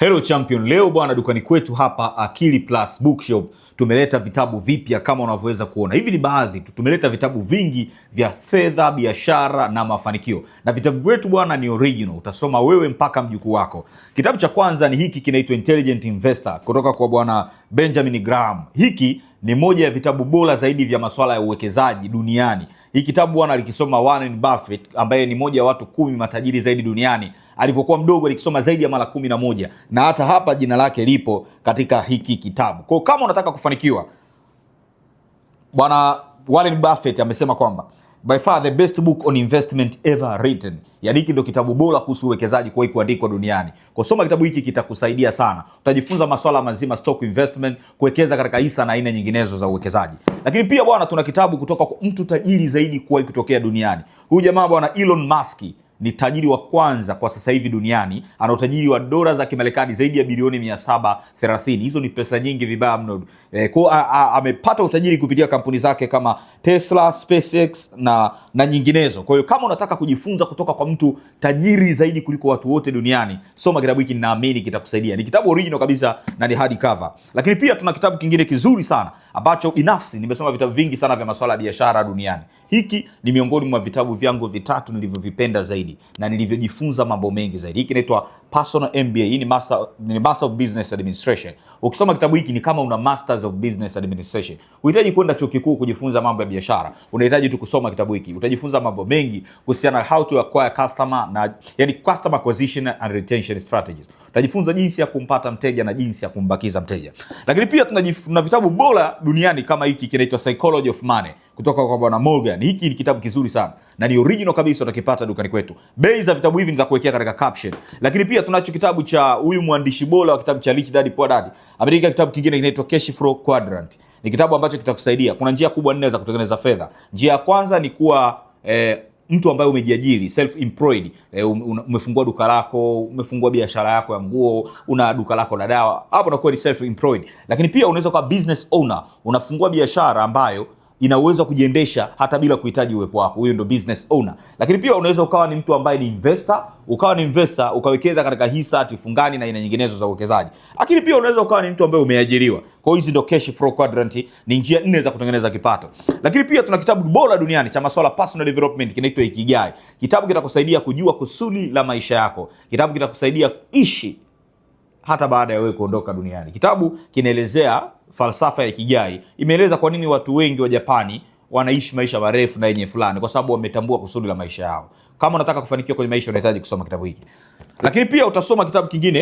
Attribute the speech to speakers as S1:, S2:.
S1: Hello champion, leo bwana, dukani kwetu hapa Akili Plus Bookshop tumeleta vitabu vipya kama unavyoweza kuona. Hivi ni baadhi tu, tumeleta vitabu vingi vya fedha, biashara na mafanikio, na vitabu vyetu bwana ni original, utasoma wewe mpaka mjukuu wako. Kitabu cha kwanza ni hiki kinaitwa Intelligent Investor kutoka kwa bwana Benjamin Graham. Hiki ni moja ya vitabu bora zaidi vya masuala ya uwekezaji duniani. Hii kitabu bwana alikisoma Warren Buffett ambaye ni moja ya watu kumi matajiri zaidi duniani alivyokuwa mdogo alikisoma zaidi ya mara kumi na moja na hata hapa jina lake lipo katika hiki kitabu. Kwa kama unataka kufanikiwa, bwana Warren Buffett amesema kwamba by far the best book on investment ever written, yaani hiki ndio kitabu bora kuhusu uwekezaji kuwahi kuandikwa duniani. Kwa soma kitabu hiki kitakusaidia sana, utajifunza masuala mazima stock investment, kuwekeza katika hisa na aina nyinginezo za uwekezaji. Lakini pia bwana, tuna kitabu kutoka kwa mtu tajiri zaidi kuwahi kutokea duniani, huyu jamaa bwana Elon Musk ni tajiri wa kwanza kwa sasa hivi duniani, ana utajiri wa dola za Kimarekani zaidi ya bilioni 730. Hizo ni pesa nyingi vibaya mno. E, kwa amepata utajiri kupitia kampuni zake kama Tesla, SpaceX na, na nyinginezo. Kwa hiyo kama unataka kujifunza kutoka kwa mtu tajiri zaidi kuliko watu wote duniani, soma kitabu hiki, ninaamini kitakusaidia. Ni kitabu original kabisa na ni hard cover. Lakini pia tuna kitabu kingine kizuri sana ambacho binafsi nimesoma vitabu vingi sana vya masuala ya biashara duniani. Hiki ni miongoni mwa vitabu vyangu vitatu nilivyovipenda zaidi na nilivyojifunza mambo mengi zaidi. Hiki inaitwa Personal MBA. Hii ni master, ni master of business administration. Ukisoma kitabu hiki ni kama una masters of business administration. Unahitaji kwenda chuo kikuu kujifunza mambo ya biashara, unahitaji tu kusoma kitabu hiki, utajifunza mambo mengi kuhusiana how to acquire customer na yani customer acquisition and retention strategies. Utajifunza jinsi ya kumpata mteja na jinsi ya kumbakiza mteja, lakini pia tuna vitabu bora duniani kama hiki kinaitwa Psychology of Money kutoka kwa Bwana Morgan. Hiki ni kitabu kizuri sana na ni original kabisa, utakipata dukani kwetu. Bei za vitabu hivi nitakuwekea katika caption, lakini pia tunacho kitabu cha huyu mwandishi bora wa kitabu cha Rich Dad Poor Dad, ameandika kitabu kingine kinaitwa Cash Flow Quadrant. Ni kitabu ambacho kitakusaidia. Kuna njia kubwa nne za kutengeneza fedha. Njia ya kwanza ni kuwa eh, mtu ambaye umejiajiri self employed, e, eh, um, umefungua duka lako, umefungua biashara yako ya nguo, una duka lako la dawa, hapo unakuwa ni self employed. Lakini pia unaweza kuwa business owner, unafungua biashara ambayo ina uwezo wa kujiendesha hata bila kuhitaji uwepo wako. Huyo ndo business owner. Lakini pia unaweza ukawa ni mtu ambaye ni investor, ukawa ni investor ukawekeza katika hisa, fungani na aina nyinginezo za uwekezaji. Lakini pia unaweza ukawa ni mtu ambaye umeajiriwa. Kwa hiyo hizi ndo cash flow quadrant, ni njia nne za kutengeneza kipato. Lakini pia tuna kitabu bora duniani cha masuala personal development kinaitwa Ikigai. Kitabu kitakusaidia kujua kusudi la maisha yako. Kitabu kitakusaidia ishi hata baada ya wewe kuondoka duniani. Kitabu kinaelezea falsafa ya Ikigai imeeleza kwa nini watu wengi wa Japani wanaishi maisha marefu na yenye fulani, kwa sababu wametambua kusudi la maisha yao. Kama unataka kufanikiwa kwenye maisha, unahitaji kusoma kitabu hiki, lakini pia utasoma kitabu kingine